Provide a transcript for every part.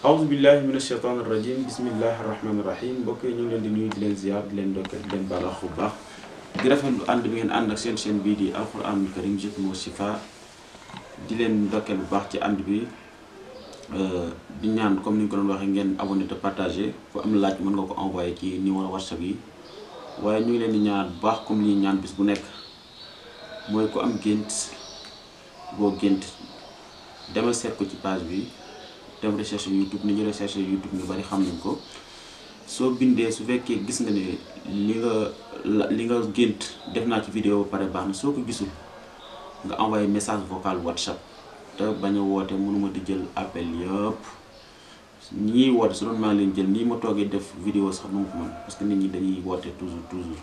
awuzu billahi min asheytaan irrajim bismillahi rahmaani rahim mbokk yi ñu leen di nuyu di leen ziar di leen dokkeel di leen balax bu baax di rafetlu ànd bi ngeen ànd ak seen chaîne bii di alquranul karim jikko shifa di leen dokkeel bu baax ci ànd bi di ñaan comme ni ko doon waxee ngeen abonné te partagé ku am laaj mën ko envoyé ci numéro whatsapp yi waaye ñu ngi leen di ñaan bu baax comme li ñaan bis bu nekk mooy ku am gént boo gént demal seet ko ci page bi def recherche YouTube ni ñu recherche YouTube ñu bari xam nañ ko soo bindee su fekkee gis nga ne li nga li nga gént def naa ci vidéo ba pare baax na soo ko gisul nga envoyé message vocal WhatsApp te bañ a woote mënuma di jël appel yëpp ñii woote su doon maa leen jël nii ma toogee def vidéo sax nu ma ko mën parce que nit ñi dañuy woote toujours toujours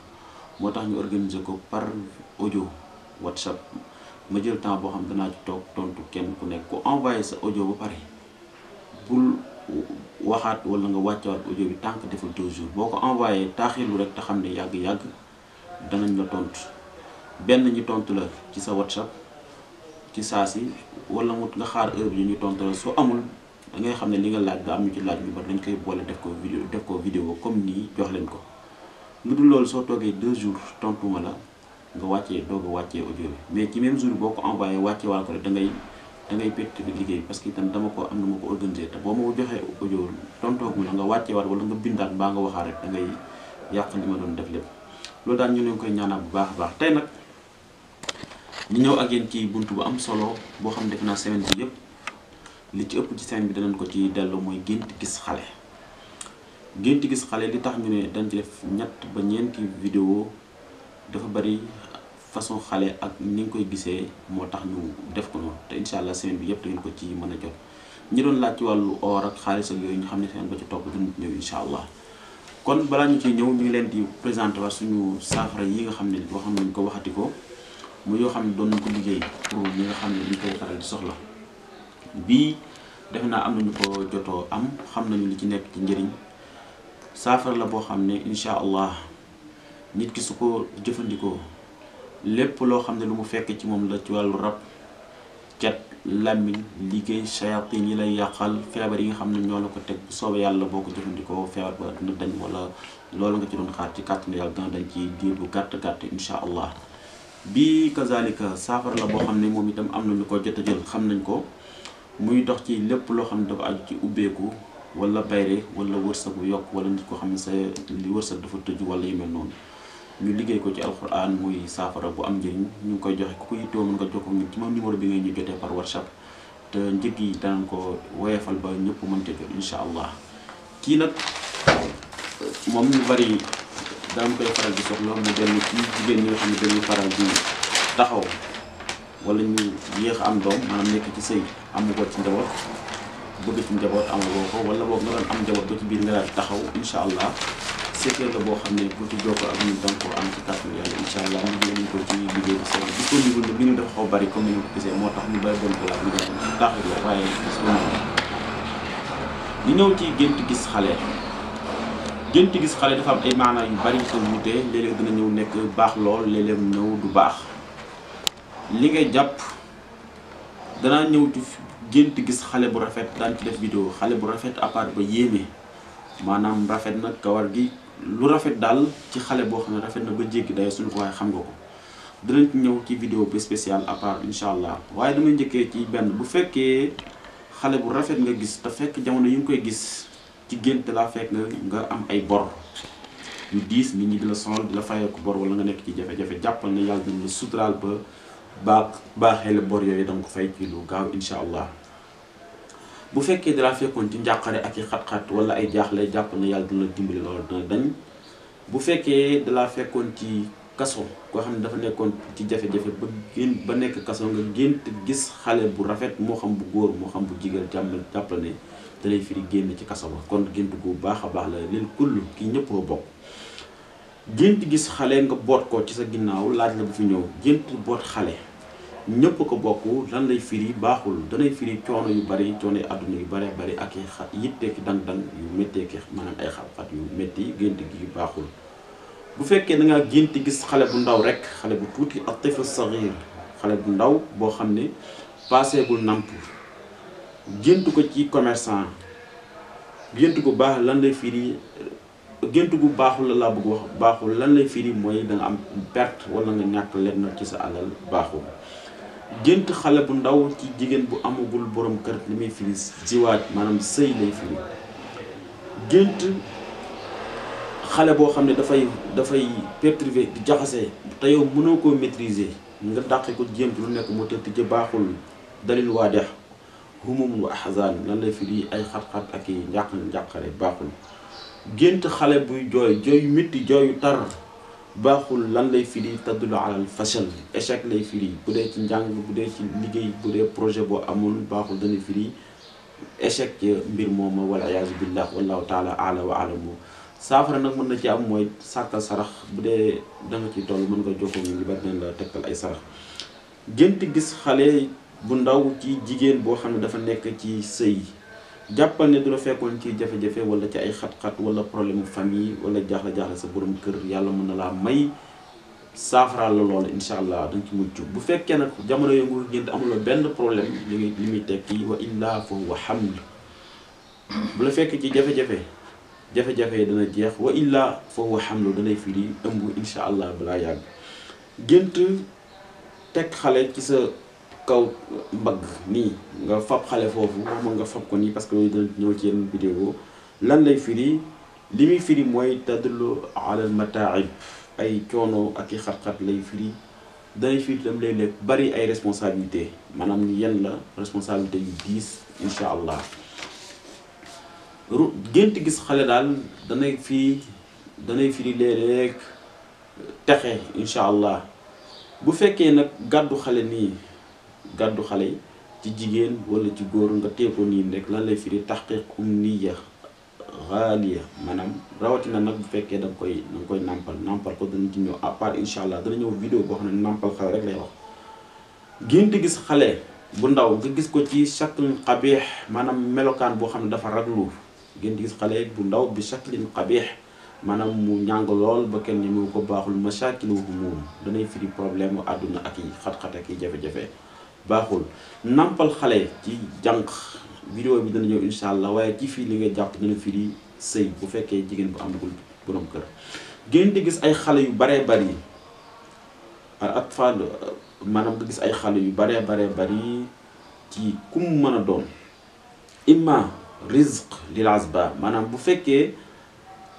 moo tax ñu organiser ko par audio WhatsApp ma jël temps boo xam danaa ci toog tontu kenn ku nekk ku envoyé sa audio ba pare pour waxaat wala nga wàcce wàccewaat audio bi tant que deful deux jours boo ko envoyé taaxilu rek te xam ne yàgg-yàgg danañ la tontu benn ñu tontu la ci sa whatsapp ci saa si wala mu nga xaar heure bi ñu tontu la su amul da ngay xam ne li nga laaj da am ñu ci laaj bi ba dañ koy boole def ko vidéo def ko vidéo comme nii jox leen ko lu dul loolu soo toogee deux jours tontuma la nga wàccee doog a wàccee audio bi mais ci même jour boo ko envoyé wàcce waal ko rek da ngay da ngay perte bi liggéey parce que itam dama ko am na ma ko organisé te boo ma joxee audio tontoo ko nga wàccee waat wala nga bindaat mbaa nga waxaat rek da ngay yàq li ma doon def lépp loolu daal ñu leen koy ñaanal bu baax a baax tey nag li ñëw ak yéen ci buntu bu am solo boo xam ne def naa semaine bi yëpp li ci ëpp ci semaine bi danañ ko ci dellu mooy gént gis xale gént gis xale li tax ñu ne dañ ci def ñett ba ñeenti vidéo dafa bari façon xale ak ni nga koy gisee moo tax ñu def ko noonu te incha allah semaine bi yëpp da ngeen ko ci mën a jot ñi doon laaj ci wàllu or ak xaalis yooyu ñu xam ne seen ba ci topp dinañ ñëw incha allah kon balaa ñu ciy ñëw ñu leen di présenté war suñu saafara yi nga xam ne waxoon nañ ko waxati ko mu yoo xam ne doon nañ ko liggéey pour ñi nga xam ne dañ koy di soxla bii def naa am nañu ko jotoo am xam nañu li ci nekk ci njëriñ saafara la boo xam ne incha allah nit ki su ko jëfandikoo lépp loo xam ne lu mu fekkee ci moom la ci wàllu rab cat làmmiñ liggéey shayatin yi lay yàqal feebar yi nga xam ne ñoo la ko teg bu soobee yàlla boo ko jëfandikoo feebar ba dina dañ wala loolu nga ci doon xaar ci kàttan yàlla dina dañ ci diir bu gàtt gàtt incha bi kazalika saafara boo xam ne moom itam am na ñu ko jot a jël xam nañ ko muy dox ci lépp loo xam ne dafa aju ci ubbeeku wala bayre wala wërsëg bu yokk wala nit ko xam ne sa li wërsëg dafa tëju wala yu mel noonu ñu liggéey ko ci alxuraan muy saafara bu am njëriñ ñu ngi koy joxe ku ko yittoo mën nga jokkoo ñun ci bi ñu jotee par whatsapp te njëg yi danañ ko woyefal ba ñëpp mën te jot incha allah kii nag moom bari danañ koy faral di soxla mu dellu dañuy faral di taxaw walla ñu yéex am doom maanaam nekk ci sëy amu ko ci njaboot bëgg ci njaboot amu ko wala boog nga doon am njaboot ba ci biir nga daal taxaw incha allah secret boo xam ne ku ci jokkoo ak ñun donc am ci kàttan yàlla incha allah ñu ngi ko bari ko gisee moo tax mu bari doon ko laaj ñu doon ko taxaw la waaye disponible li ñëw ci gént gis xale gént gis xale dafa ay maanaa yu bari yu ko wutee ñëw nekk baax lool léeg-léeg ñëw du baax li ngay jàpp danaa ñëw ci gént gis xale bu rafet daan ci def vidéo xale bu rafet à part ba yéeme maanaam rafet nag kawar gi lu rafet daal ci xale boo xam ne rafet na ba jéggi day suñu ko waaye xam nga ko dinañ ci ñëw ci vidéo bi spéciale à part incha allah waaye damay njëkkee ci benn bu fekkee xale bu rafet nga gis te fekk jamono yi nga koy gis ci gént laa fekk nga am ay bor yu diis nit ñi di la sonal di la fayee ko bor wala nga nekk ci jafe-jafe jàppal ne yàlla dina la suturaal ba baax baaxee la bor yooyu danga ko fay ci lu gaaw incha allah. bu fekkee dalaa fekkoon ci njàqare ak i xat-xat wala ay jaaxle jàpp na yàlla dina dimbali loolu dina dañ bu fekkee dalaa fekkoon ci kaso koo xam ne dafa nekkoon ci jafe-jafe ba génn ba nekk kaso nga gént gis xale bu rafet moo xam bu góor moo xam bu jigéen jàmm jàpp ne dalay firi génn ci kaso ba kon gént bu baax a baax la leen kull kii ñëppoo bokk gént gis xale nga boot ko ci sa ginnaaw laaj la bu fi ñëw gént boot xale ñépp ko bokk lan lay firi baaxul danay firi coono yu bari coono àdduna yu bari bari ak yi xa yittee ki dan-dan yu méttee ki maanaam ay xat yu métti gént gi baaxul bu fekkee da ngaa gént gis xale bu ndaw rek xale bu tuuti ak tifl saxiir xale bu ndaw boo xam ne paaseegul namp gént ko ci commerçant gént gu baax lan lay firi gént gu baaxul la laa bëgg wax baaxul lan lay firi mooy da am perte wala nga ñàkk lenn ci sa alal baaxul gént xale bu ndaw ci jigéen bu amagul borom kër li muy firi ziwaaj maanaam sëy lay firi gént xale boo xam ne dafay dafay perturber di jaxase te yow mënoo koo maîtriser nga dàqe ko jéem lu nekk mu tëdd ci baaxul dalil waa dex humum wa lan lay firi ay xat-xat ak i njàq njàqare baaxul gént xale buy jooy jooy yu métti jooy yu tar baaxul lan lay firi taddulu alal fachal échec lay firi bu dee ci njàng bu dee ci liggéey bu dee projet boo amul baaxul dana firi échec mbir moom mooma wala iyaazu billah wallahu taala ala wa alamu saafara nag mën na ci am mooy sàkkal sarax bu dee da nga ci toll mën nga jokkoo ñu bari nañ la tegtal ay sarax gént gis xale bu ndaw ci jigéen boo xam ne dafa nekk ci sëy jàppal ne du la fekkoon ci jafe-jafe wala ci ay xat-xat wala problème famille wala jaaxle-jaaxle sa boroom kër yàlla mën na laa may saafaraal la loola incha allah danga ci mucc bu fekkee nag jamono yooyu nga gént amuloo benn problème li ngay li muy tekki wa illaa fa wa hamd bu la fekk ci jafe-jafe jafe-jafe dana jeex wa illaa fa wa hamd danay firi ëmb incha allah balaa yàgg gént teg xale ci sa kaw mbagg nii nga fab xale foofu moom nga fab ko nii parce que loolu dina ñëw ci yenn vidéo lan lay firi li muy firi mooy tadullu alal mataib ay coono ak i xat-xat lay firi danay firi bari ay responsabilité maanaam ni yenn la responsabilité yu allah ru gis xale daal danay firi danay firi texe incha allah bu fekkee nag gàddu xale nii gàddu xale yi ci jigéen wala ci góor nga tee ko niin rek lan lay firi taxqiqum niya xaaliya maanaam rawatina nag bu fekkee da koy da nga koy nàmpal nàmpal ko dana ci ñëw à part incha allah dana ñëw vidéo boo xam ne nàmpal xew rek lay wax gént gis xale bu ndaw gis ko ci shaklin xabeex maanaam melokaan boo xam ne dafa raglu gént gis xale bu ndaw bi shaklin xabeex maanaam mu njàng lool ba kenn ñi mu ko baaxul bu mashakiluhum danay firi problème àdduna ak yi xat-xat ak yi jafe-jafe baaxul nampal xale ci jànq vidéo bi dana ñëw incha allah waaye ci fii li nga jàpp dina firi sëy bu fekkee jigéen bu amagul borom kër ngeen di gis ay xale yu baree bari at faal maanaam nga gis ay xale yu baree baree bari ci kum mën a doon imma rizq lil ba maanaam bu fekkee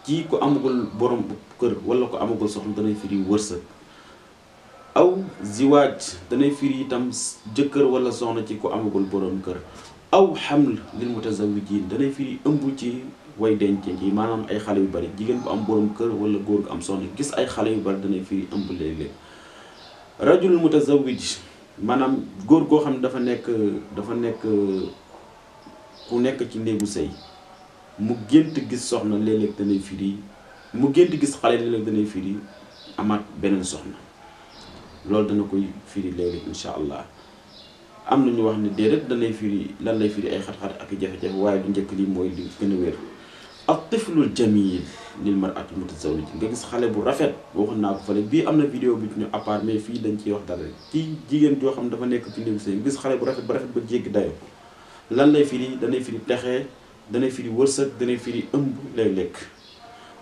ci ko amagul borom kër wala ko amagul soxna danay firi wërsëg aw ziwaaj danay firi itam jëkkër wala soxna ci ku amagul borom kër aw xaml lil mutazawijin danay firi ëmb ci way denc yi maanaam ay xale yu bari jigéen bu am borom kër wala góor gu am soxna gis ay xale yu bari danay firi ëmb léeg-léeg rajul mutazawij maanaam góor goo xam ne dafa nekk dafa nekk ku nekk ci néegu sëy mu gént gis soxna léeg-léeg danay firi mu gént gis xale léeg-léeg danay firi amaat beneen soxna loolu dana koy firi léeg-léeg allah am na ñu wax ne déedéet danay firi lan lay firi ay xat-xat ak jafe-jafe waaye lu njëkk li mooy li gën a wér ak tiflul jamil lil mar'ati mutazawwija nga gis xale bu rafet waxoon naa ko fële bii am na vidéo bi ñu à fii dañ ciy wax ci jigéen joo xam dafa nekk ci néegu sëy xale bu rafet ba ba jéggi dayo lan lay firi danay firi texe danay firi wërsëg danay firi ëmb lay lekk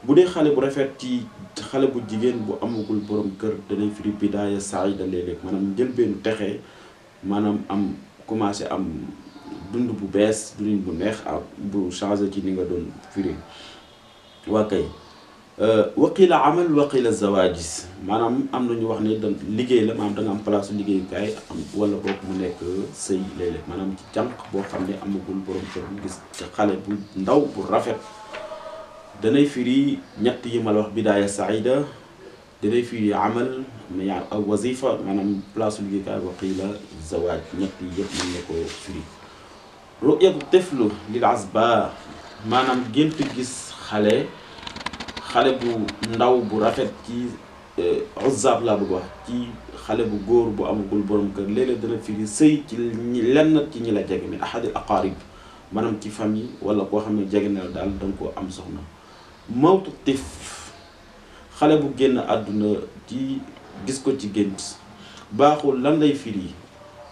bu dee xale bu rafet ci xale bu jigéen bu amagul borom kër danay firi bidaaya saayida léeg-léeg maanaam njëlbeenu texe maanaam am commencé am dund bu bees dund bu neex ak bu changé ci ni nga doon firi waa kay euh, waqila amal waqila zawaajis maanaam am na ñu wax ne da liggéey la maanaam da nga am place liggéeyukaay am wala boog mu nekk sëy léeg-léeg maanaam ci jànq boo xam ne amagul borom kër mu gis ci xale bu ndaw bu rafet danay firi ñetti yi ma la wax bidaaya saida danay firi amal yaa ak wazifa maanaam place liggéeykaay wa qiila zawaaj ñett yi yëpp mën na ko firi ru'yatu tiflu lil asba maanaam gént gis xale xale bu ndaw bu rafet ci eh, uzzaab laa bëgg ci xale bu góor bu amagul borom kër léeg-léeg dana firi sëy ci lenn ci ñi la jege min ahadil aqaarib maanaam ci famille wala koo xam ne jege na la daal danga ko am soxna mawtu tif xale bu génn àdduna ci gis ko ci gént baaxul lan lay firi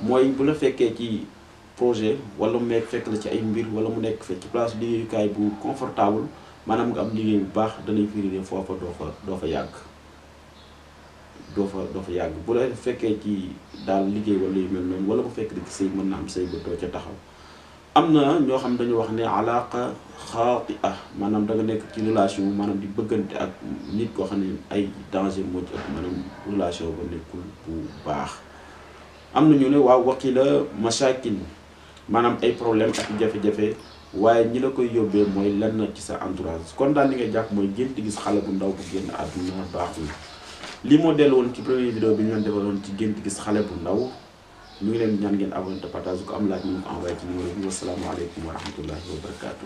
mooy bu la fekkee ci projet wala mu nekk fekk la ci ay mbir wala mu nekk fekk ci place liggéeyukaay bu confortable maanaam nga am liggéey bu baax danay firi ne foofa doo fa doo fa yàgg doo fa doo fa yàgg bu la fekkee ci daal liggéey wala yu mel noonu wala bu fekk di ci sëy mën na am sëy ba doo ca taxaw am na ñoo xam dañu wax ne alaqa xaati ah maanaam da nekk ci relation maanaam di bëggante ak nit koo xam ne ay danger moo ci ëpp maanaam relation ba nekkul bu baax am na ñu ne waaw waqi la masakin maanaam ay problème ak jafe-jafe waaye ñi la koy yóbbee mooy lenn ci sa entourage kon daal li ngay jàpp mooy gént gis xale bu ndaw bu génn àdduna baaxul li moo dellu ci premier vidéo bi ñu leen ci gént gis xale bu ndaw ñu ngi leen ñaan ngeen abonné te partage ko am laaj ñu ngi ko envoyé ci numéro bi wasalaamaaleykum wa rahmatullahi wa barakaatu.